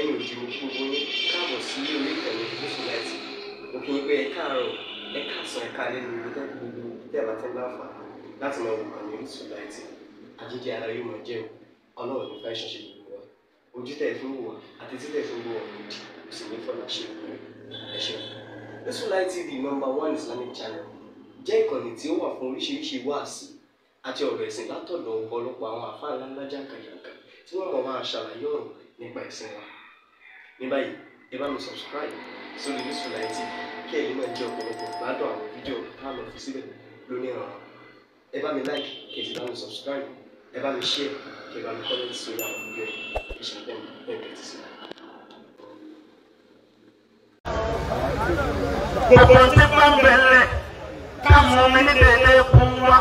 lẹ́yìn òdi òkú gbogbo yín káàbọ̀ sí ilé orí ìtẹ̀wé gúúsù láti òkè ń pé ẹ káàárọ̀ ẹ káàsán ẹ káalẹ́ lórí ibi tẹ́kù gbogbo ìdẹ́gbà tẹ́ ń bá fà láti máa wò kàn ní gúúsù láti àjíjẹ ara yóò máa jẹun ọlọ́run ní fáìsàn ṣe gbogbo wa ojú tẹ̀ fún wò àti títẹ̀ fún wò ọ̀rọ̀ òdì kò sì ní fọlá ṣe gbogbo ẹ ṣe. gúúsù láì tv number one islamic channel jẹ́ ìkànnì tí ó wà fún oríṣiríṣi wáàsí àti ọ̀rọ̀ ẹ̀sìn látọ̀dọ̀ ọ̀pọ̀lọpọ̀ àwọn àfáà ńláńlá jàǹkàjàǹkà tí wọ́n mọ̀ máa ṣàlàyé ọ̀rọ̀ nípa ẹ̀sìn wa ní báyìí ẹ bá mi subscribe sórí Yusunlahi TV kí ẹ̀yin máa jẹ ọ̀pọ̀lọpọ̀ gbádùn àwọn fídíò tá fi síbẹ̀ lónìí ọ̀rọ̀ ẹ bá mi like kí ẹ bá mi subscribe ẹ bá mi share kí ẹ bá mi comment sórí àwọn fídíò yìí ṣe fẹ́ mi fẹ́ bẹ̀rẹ̀ sí. gbogbo tí bá ń bẹ̀rẹ̀ káwọn ọmọ nílé ẹlẹ́kùn wa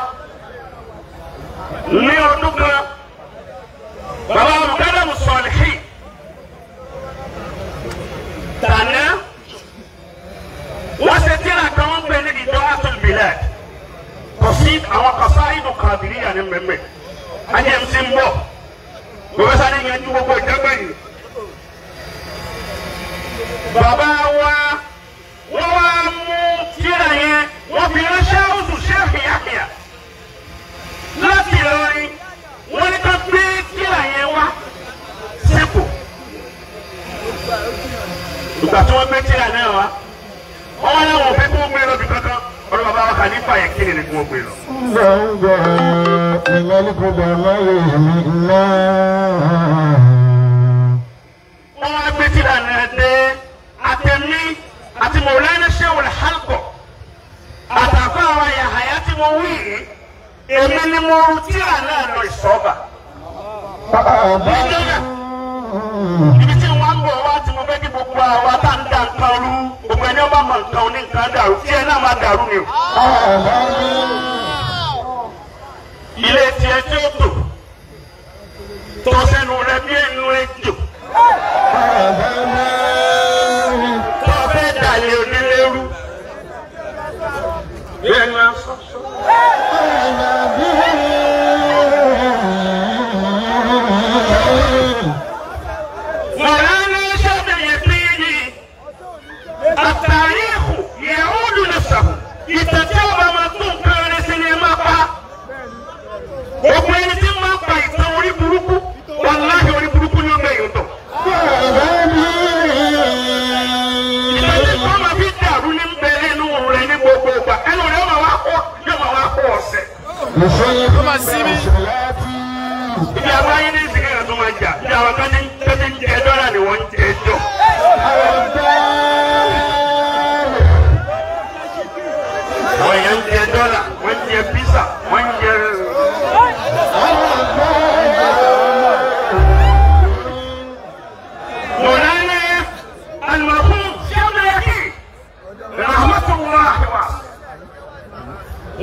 ní ọdún kan bàbá tàná wọ́n ṣe tíra kan wọ́n pè ní ìjọ àtúnbílẹ̀ kò sí àwọn kọ̀sá ìdù kàdìríyà ní mẹ́mẹ́ ayélujára ń bọ̀ bàbá sáré yẹn ju gbogbo ìjọba yìí bàbá wa wọ́n wá mú tíra yẹn wọ́n fi ránṣẹ́ oṣù ṣẹ́ẹ̀fì yáfìyà láti lọ́rin. ìgbà tí wọ́n gbé tíra náà wá wọ́n wá láwọn òfin kó gbé lọ bí kankan ọ̀rọ̀ bàbá wa kà ní fàyè kí ni kó gbé lọ. gbọ̀ngàn ìlọ́lùkọ̀dà láyé mi náà. wọ́n wá gbé tíra náà dé àtẹ̀mí àti mọ̀lánà ṣẹ́wọ̀n hàlùkọ̀ àtàkùn àwọn àyàhàyà tí mo wí yìí èmi ni mo rú tíra náà lọ ìsọ́ba. bàbá ibi tí gbogbo àwa tá ń da nǹkan rú gbogbo ẹni ọba mọ nǹkan ní nǹkan dàrú tí ẹ náà máa dàrú ni o. ilé tiẹ̀ tí ó tò tó sẹ́nu rẹ bí ẹnu ejò. tó fẹ́ dàlẹ́ onílérú. bẹ́ẹ̀ ni a sọ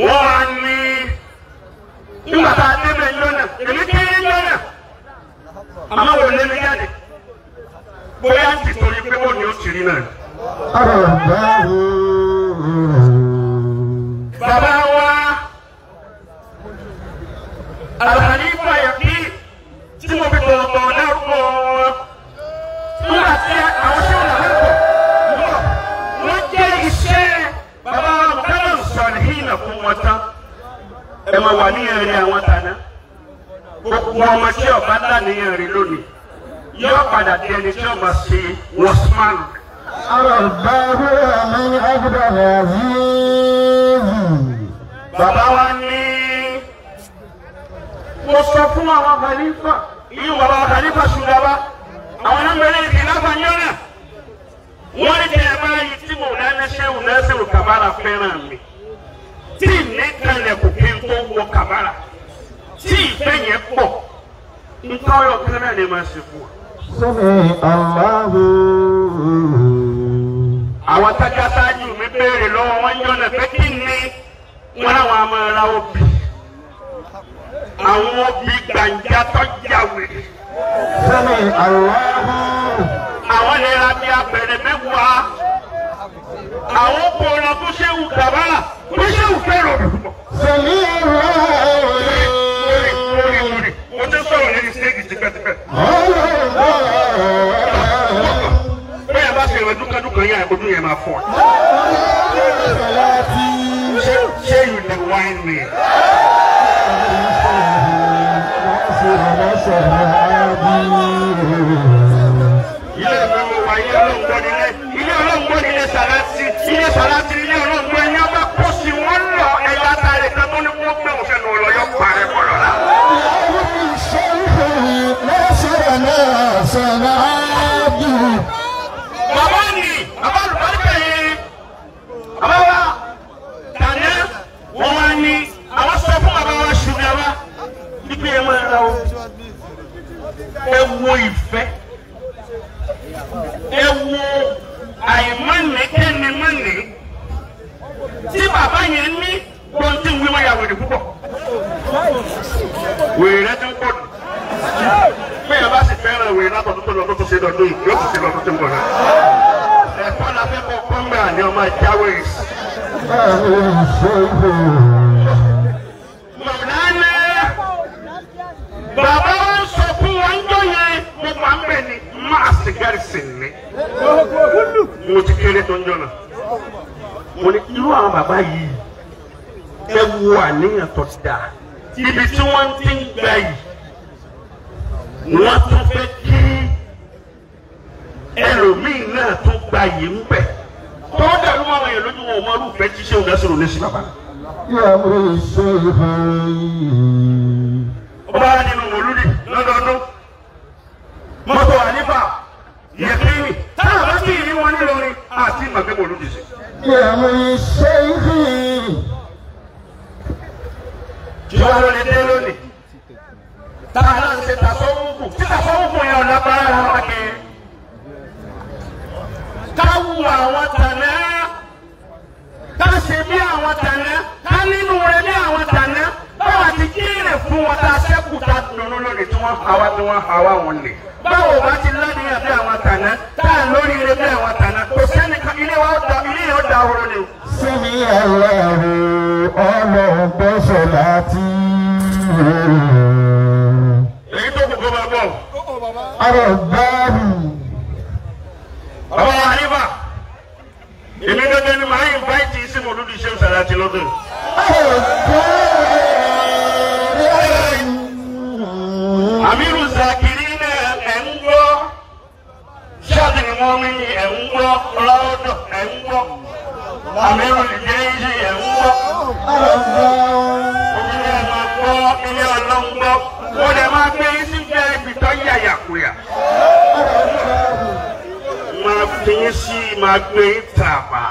wọ́n á ní nígbà tá a débẹ̀ lọ́nà èmi kéré lọ́nà àmọ́ wò lé mi jáde bóyá ti torí pé wọ́n ní ó ti rí náà. bàbá ẹ máa wà níyàn rí àwọn tàná gbogbo ọmọ tí ọba ńlá níyàn rí lónìí yóò padà di ẹni tí ọba sí wọ́smán. arọ̀báwé àmì agbára yìí. bàbá wa ní mo sọ fún àwọn kàlífà yìí bàbá kàlífà ṣùgbọ́n àwọn náà mẹ́rin ìdílọ́fà yọ̀nà wọ́n ní tẹ̀ báyìí tí mo náà ní sẹ́wọ̀n náà sẹ́wọ̀n kàbára fẹ́ràn mi tí ní kalẹ̀ kò tí wọ́n wọ kàbàrà tí ìfẹ́ yẹn pọ̀ nǹkan ọyọ kan náà ni màá ṣe fún wa. sọ́mi aláwo. àwọn tájá sáájú mi béèrè lọ́wọ́ wọn yọ̀nà pé kí ni wọn làwọn àmọ́ ara obì àwọn obì gbàǹjà tọ́jà wèrè. sọ́mi aláwo. àwọn lè ra abẹ̀rẹ̀ mẹ́wàá. point. Say you the wine me. Ilé ìwé wa ilé ọlọ́gbọ́n nílé ilé ọlọ́gbọ́n nílé sàlátì ilé sàlátì ilé ọlọ́gbọ́n ẹ̀yìn ọba kó sí wọn lọ ẹ̀yà àtàlẹ̀ kan tó ní kó gbé òfin nù parẹ́ bọ̀lọ́lá. mọ̀láńdé bàbá wọn sọ fún wọn jọ yẹn mo máa ń bẹ̀ ni máa sìgárì sí ni mo ti kéré tó ń jọ náà mo ní irú ẹlòmíì náà tún gbà yìí ń bẹ̀ tọ́wọ́ dàrú mọ́ àwọn èèyàn lójú wọn ọmọ olùfẹ́ tí sẹ́wọ̀n dá sọ̀rọ̀ lẹ́sìn bàbá. yàrá ìṣe ìhàn. ọba nínú mòlúdì lọ́dọọdún mọ́tò àlífà yẹ̀kínì táwọn bá kí ìní wọn nílọrin àti màgbé mòlúdì sí. yàrá ìṣe ìhàn. jọ̀wọ́ lè dé lónìí. táwọn náà ń ṣe tàṣọ́wọ́kù tí tàṣọ́wọ́kù gbogbo wọn tá a ṣẹ́kù tá a dùnú lónìí tí wọ́n fà wá tí wọ́n fà wá wọn lè. báwo bá ti lánìyàn bí àwọn tàná tá a lórí ire bí àwọn tàná kò sẹ́nìkan ilé wa da ilé yẹn da ọ̀rọ̀ ni. síbi aláwo ọlọ́run gbọ́sọ̀ láti èyí tó kù kó máa bọ̀. ọ̀rọ̀ gbáàbù. ọ̀rọ̀ àyíbá èmi gẹ́gẹ́ ni màá yìnbá ìtì sí mòlúdi ṣé ń sàrà ti lọ́dún. ọ̀rọ̀ gbáàbù. àmírù zakiri náà ẹ̀ ń gbọ́ ṣáàtìrì mọ́mí ni ẹ̀ ń gbọ́ ọlọ́dọ̀ ẹ̀ ń gbọ́ àmírù ìjẹ́yìí ẹ̀ ń gbọ́. òkúta ẹ̀ máa gbọ́ ilé ọlọ́run gbọ́ ó lè máa gbé sí jẹ́ ibi tó yàyàkuyà. máa fi yín sí máa gbé tààbà.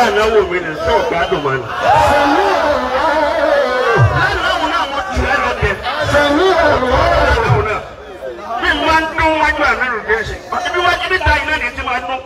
nígbà náwó mi ní sọ gbádùn mọ́ni. sẹ̀mí òwúrọ̀. lẹ́nu àwọn náà mo ti rẹ́ lọ jẹ. sẹ̀mí òwúrọ̀. bí n máa ń dún wájú àmì rò bí ẹ ṣe. ibi wájú iná ni ti máa dún.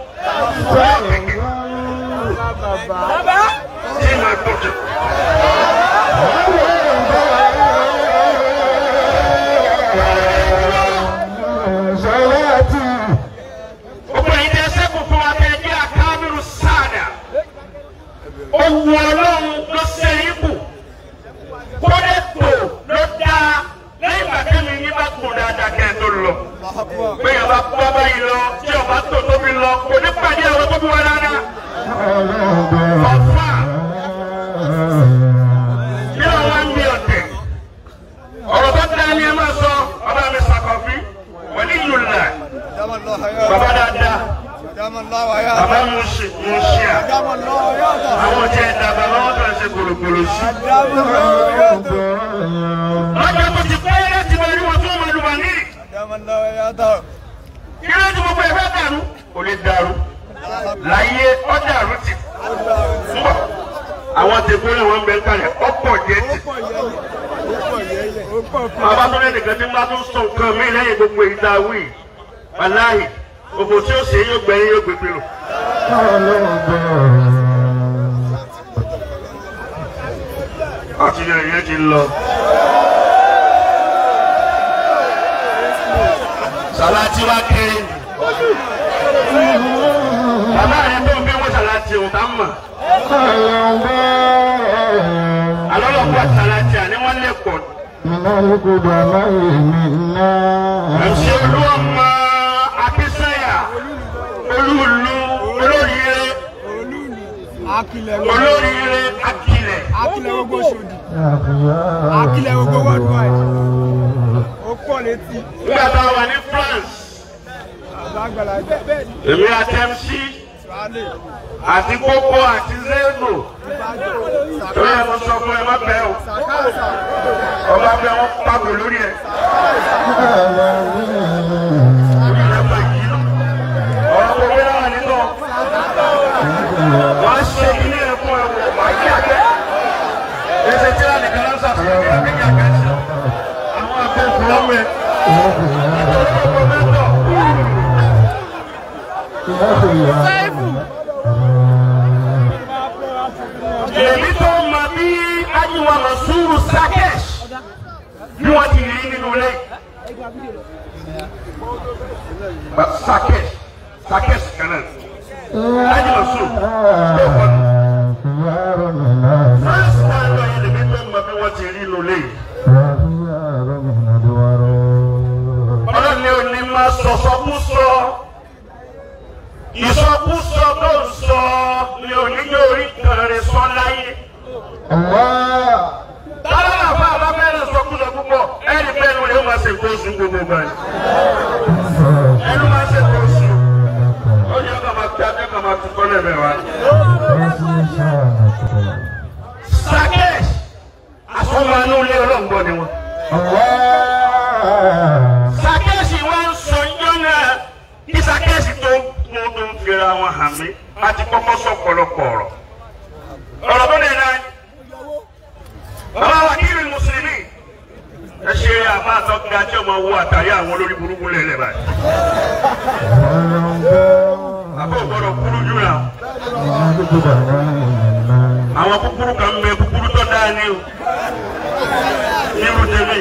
bàbá dáadáa bàbá mo ṣe mo ṣe à àwọn tí ẹ dà bàbá wọn kàn ṣe gbòlògbòlò sí. lọ́jọ́ tó ti pẹ́ láti bẹ̀rù wọn tó máa lùmọ̀ ní. kí ló ti gbogbo ẹ̀fẹ́ dàrú? kò lè dàrú láyé ó dàrú ti pọ̀ àwọn tèkó ni wọ́n ń bẹ ń kalẹ̀ ọ̀pọ̀ jẹ́ ti bàbá tó lẹ́nìkan tí ń bá tó sọ nǹkan mí lẹ́yìn gbogbo ìdáwì aláì òfò tí ó ṣe yóò gbẹ̀yìn yóò gbègbè rò. àtijọ́ ìyẹn ti lọ. sàláàtì wa kéré. bàbá rẹ̀ tó ń bí wọ́n sàláàtì òun tá ń mọ̀. alọ́lọ́pọ̀ sàláàtì àní wọ́n lè pọ̀. Minna yóò gbọdọ̀ aláìní náà. Ẹ̀sìn olú ọmọ olúùlú olóríire olóríire akilẹ̀ akilẹ̀ gbogbo ṣòdì akilẹ̀ gbogbo worldwide O pọ̀ létí. nígbà tá a wà ní France èmi àti MC àti kókó àti zéènù tó yẹ kó sọ fún ẹ má bẹ o ọba bẹ wọn pàgò lórí ẹ. máa sọ̀sọ́kúsọ ìsọkúsọ tó ń sọ ni onílé orí kan sọ láyé. táwọn àbá àbá bẹ́ẹ̀ sọkúsọ púpọ̀ ẹ̀rí bẹ́ẹ̀ ló lè máa ṣe kó oṣù gbogbo báyìí. ẹnu máa ṣe kó oṣù ó yẹ ká máa kí ajá ká máa tukọ́ lẹ́bẹ̀ẹ́ wa. Sakesh asọ́manú ilé ọlọ́ngbọ́n ni wọn. kéésì tó ń fira wọn hàn mí a ti kọ́kọ́ sọ ọ̀pọ̀lọpọ̀ ọ̀rọ̀ ọ̀rọ̀ tó lè ra bàbá wa kí ni mùsùlùmí ẹ ṣe àbá àtọ́gbẹ́ àti ọmọ owó àtàrí àwọn olórí burúkú lẹ́lẹ̀ báyìí. àbọ̀ gbọ́dọ̀ kúrú júra o. àwọn kúkúrú kan ń bẹ kúkúrú tó dáa ní o. irú tèmi.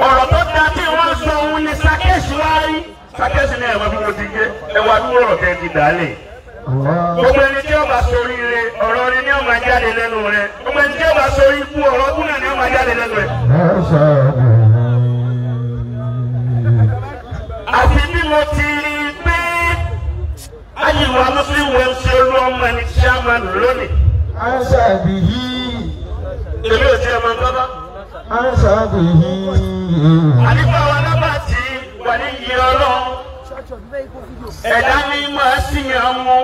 ọ̀rọ̀ tó da tí wọ́n sọ òun ni Ṣàkẹ́ṣì wá rí Ṣàkẹ́ṣì ní ẹ̀wọ̀n bí mo ti gé ẹwà bí wọ́n rọ̀ ti dà á gbogbo ẹni tí ó bá sórí rẹ ọ̀rọ̀ rẹ ni ó máa jáde lẹ́nu rẹ gbogbo ẹni tí ó bá sórí ikú ọ̀rọ̀ ọdún náà ni ó máa jáde lẹ́nu rẹ. àfi bí mo ti rí i pé Ayiwa Muslim World ṣe olú ọmọ ẹni chairman lónìí. àṣà ìbí yìí. èmi ò tiẹ̀ máa ń bá bá aṣáàbìhì. àdìpá wa lábà tí wà ní yìí ọlọ́ ẹ̀dá ni máa síyàn mú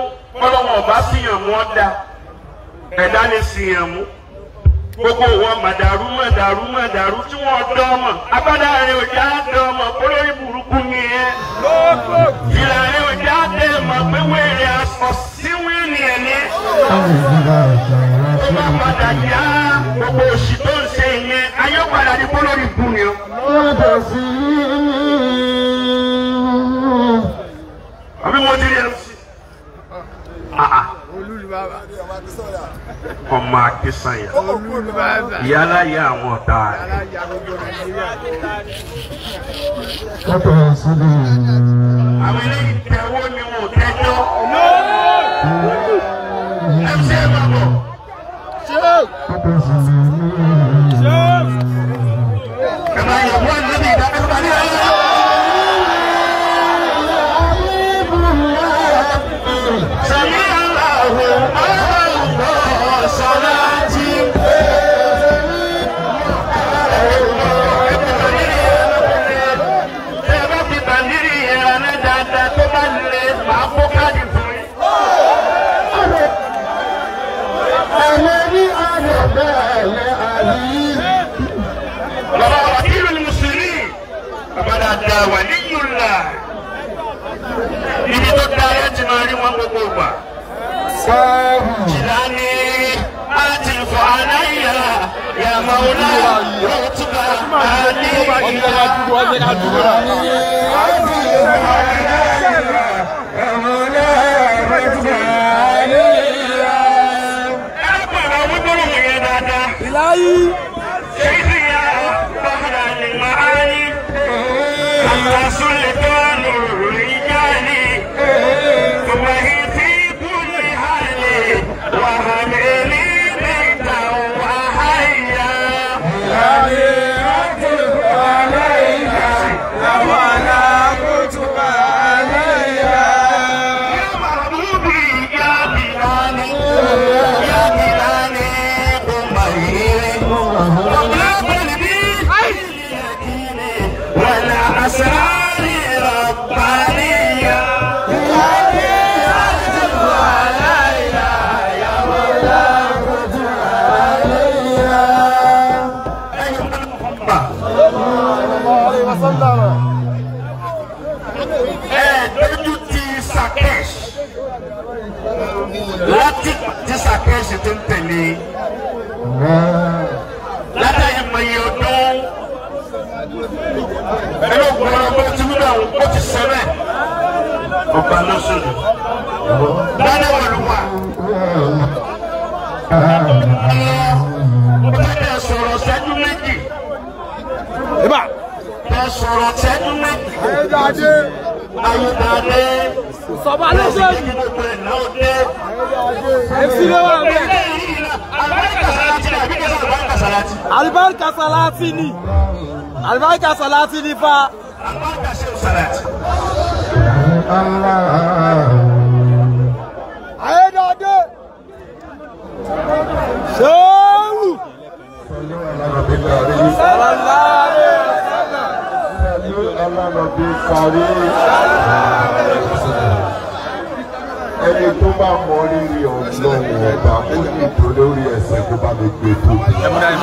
ọlọ́wọ́n ọba síyàn mú ọ̀dà ẹ̀dá ni síyàn mú gbogbo wọn màdàrú màdàrú màdàrú tí wọn dán ọmọ abádá rẹ ò já dán ọmọ olórí burúkú ni ẹ ìlà rẹ ò já dé ọmọ pé wéèrè aṣọ síwìn ni ẹ ní. ó bá padà yá gbogbo òṣìṣẹ́ padà ní kó lórí ikú ni o. lọ́dọ̀ sí i. àbí mo ti rí ẹ. Ah, ah. ọmọ akínsànyà yálà yà àwọn ọ̀tá rẹ̀. lọ́dọ̀ sí da waliyullah ibi tó da láti máa rí wọn gbogbo ìgbà. Jìlání àti ìfọ̀ aláìyá ya maula rọ̀tùbà àní ìyá. Àti ìfọ̀ aláìyá ya maula rọ̀tùbà àní ìyá. Ẹ tó ń tẹ̀lé látàyè mọ̀yì ọdún ẹni ògùn ọgbọ́n ti wí náà ó ti sẹ́rẹ̀ ọba lọ́sọ̀dọ̀ dáná wà ló wà. Bẹ́ẹ̀ sọ̀rọ̀ ṣẹ́jú méjì. Bẹ́ẹ̀ sọ̀rọ̀ ṣẹ́jú méjì. Ayọ̀dàdé sọba lẹsẹni efile wa bẹ alibarika salati ni alibarika salati ni fa. ayédáde sewu sallallahu alayhi wa sallam ẹni tó bá mọ rírì ọlọ́run ọba ó ní ìdólórí ẹsẹ̀ tó bá mi gbé tó. ọlọ́run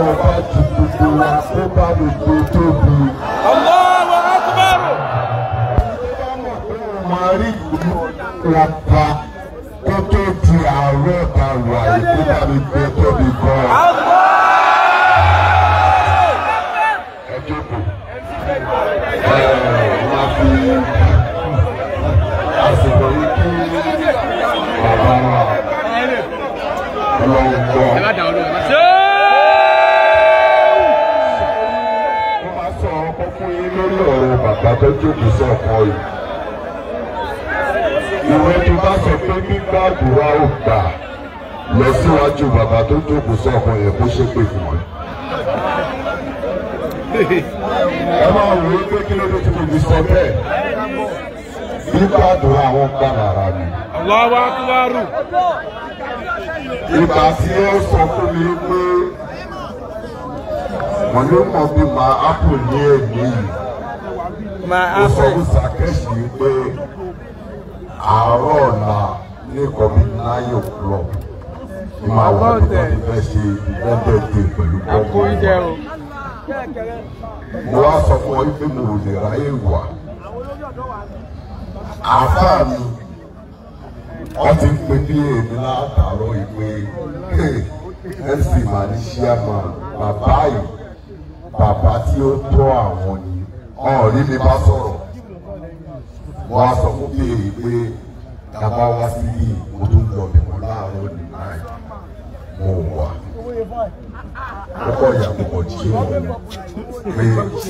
ọba ti gbogbo wa tó bá mi gbé tóbi. Allahu Akbar. ọba tó tó di àárọ̀ ọ̀tàwà ìgbé tó jókòó sọ̀kan yìí. Ìwé tó bá sọ pé gbígbàdúrà ò gbà lọ síwájú bàbá tó jókòó sọ̀kan yẹn kó ṣépè fún ẹ. Ẹ máa wò ó pé kí ló dé tí mo fi sọ bẹ́ẹ̀. Gbígbàdúrà wọn gbà lára mi. Lawa Akbar. ìgbà tí ó sọ fún mi pé mo ní mọ bí màá ápù ní èmi yìí ó sọ fún Sàkẹ́sì pé àárọ̀ ọ̀la ní kọ́bí nine o'clock ni màá wọ bí wọ́n ti fẹ́ ṣe ìdẹ́gbẹ̀dẹ̀ pẹ̀lú bọ́ọ̀lù mo wá sọ fún ọ pé mo ò lè ráyè wà àáfàá mi wọ́n ti ń pe bí èmi látàárọ̀ ìpè fc manishiama bàbá yìí bàbá tí ó tọ́ àwọn ni ọ̀n rí mi bá sọ̀rọ̀ mo á sọ fún bí èyí pé bàbá wá sí yìí mo tún lọ bí mo láàárọ̀ nìyí mo wà ó kọ ìyàwó kọ jí ó pé because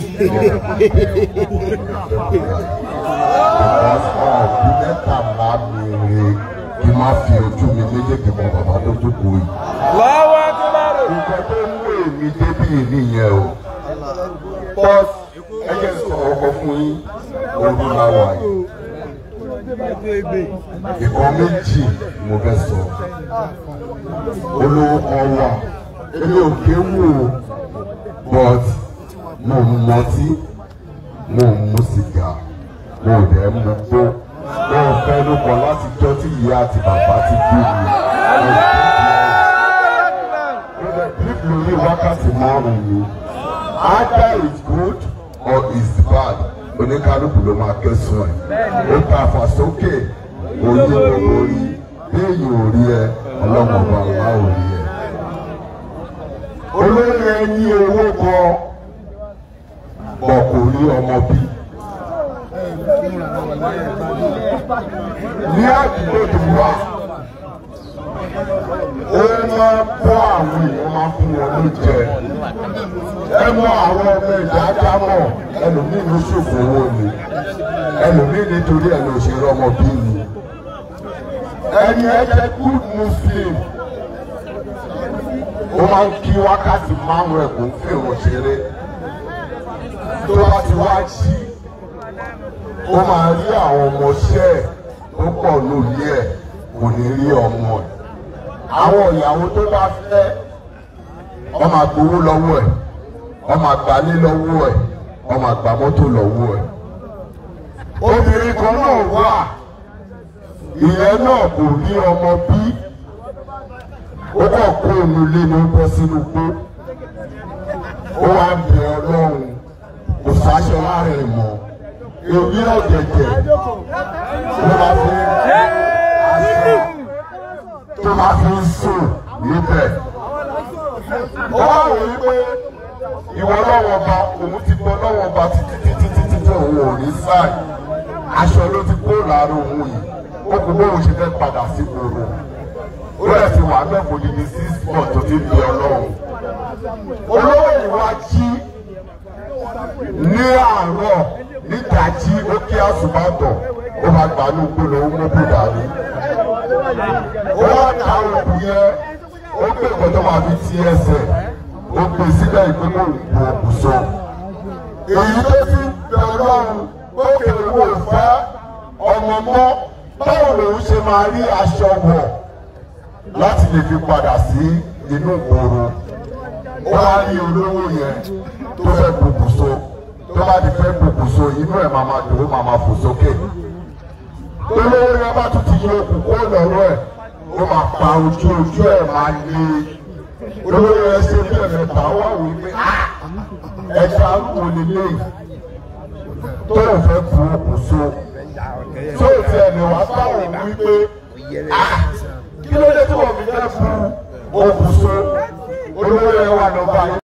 of the mẹ́tàlá mi rèé má fi ojú mi méjèèjì mọ bàbá tó jókòó yìí. lọ́wọ́ tó bá rò. nǹkan tó ń wé mi débí nìyẹn o. bọ́s ẹgbẹ́ sọ̀rọ̀ ọkọ̀ fún yín orí máa wà yìí. ìkan méjì mo fẹ́ sọ. olówó kan wà èmi ò kéwù o but mo mọtí mo mu sìgá mo dẹ̀ mu gbó wọn ò fẹnu kọ láti jọ tí ìyá àti bàbá ti bí mi. lórí wákàtí márùn yìí either it's good or it's bad oníkálukú ló máa kẹsùn ẹ ó ta àfàsókè oyin gbogbo rí bẹ́ẹ̀yìn ò rí ẹ ọlọ́mọ bàbá ò rí ẹ. olórí ẹni owó kan bọ̀ kò rí ọmọ bíi ní àdúgbò tó wà ó máa kọ́ àwọn èèyàn máa fún wọn ló jẹ ẹ mọ àwọn ọmọ ẹ̀dá dámọ̀ ẹlòmíì ló ṣòfò owó ni ẹlòmíì nítorí ẹ̀ ló ṣe rọmọ bí ni ẹni ẹ jẹ́ good muslim ó máa ń kí wákàtí márùn-ún ẹ̀ kó ń fi òun ṣeré tó bá ti wá jí ó máa rí àwọn ọmọọṣẹ́ ẹ̀ tó pọ̀ lórí ẹ̀ kò ní rí ọmọ ẹ̀ àwọn ìyàwó tó bá fẹ́ wọ́n máa gbowó lọ́wọ́ ẹ̀ wọ́n máa gbalé lọ́wọ́ ẹ̀ wọ́n máa lọ́wọ́ ẹ̀ obìnrin kan náà wà ìyẹn náà kò rí ọmọ bí ó kàn kó òun lé ní ó bọ́ sínú gbó ó wá ń bẹ ọlọ́run kò sáṣọ láàrin mọ́ èmi ọ̀gẹ̀dẹ̀ tó máa fi aṣọ tó máa fi sùn níbẹ̀. ó wá wò ó pé ìwọ lọ́wọ́ ọba òun ti gbọ́ lọ́wọ́ ọba títí títí títí tí òun ò ní sáì aṣọ ló ti kó láàárọ̀ òun yìí ó kò bóun ṣe fẹ́ padà sí gbòòrò ó lè fi wà mẹ́kọ̀ọ́ ní ní six months tó ti di ọlọ́run olówó ìwà jí ní àárọ̀ nígbà tí ó kí àsùbàtọ̀ ó máa gbà ní ògbó lọ ó mọ́kò dání. ó wá ta òkú yẹn ó gbé ìkọjọ́ máa fi ti ẹsẹ̀ ó gbé síbẹ̀ ìpín kò bu òkú sọ. èyí tó fi bẹ ọlọ́run gòkè owó ìfẹ́ ọmọ mọ́ báwo lòun ṣe máa rí aṣọ wọ̀ láti lè fi padà sí inú ìgboro ó wá rí olówó yẹn tó fẹ́ gbogbo so tó bá ti fẹ́ gbòkùnso inú ẹ̀ máa ma dùn ó máa ma fò sókè olówó yẹn bá tún ti yọ òkú kó lọ́rọ́ ẹ̀ ó máa pa ojú ojú ẹ̀ máa lé olówó yẹn ṣe bí ẹ̀mẹ̀ta wà wí pé ẹ̀ka wò lè lé tó o fẹ́ gbòkùnso tó o ti ẹ̀mẹ̀ wá báwọn wí pé ah, kí ló dé tó o fi fẹ́ gbòkùnso olówó yẹn wà lọ́ba yẹn.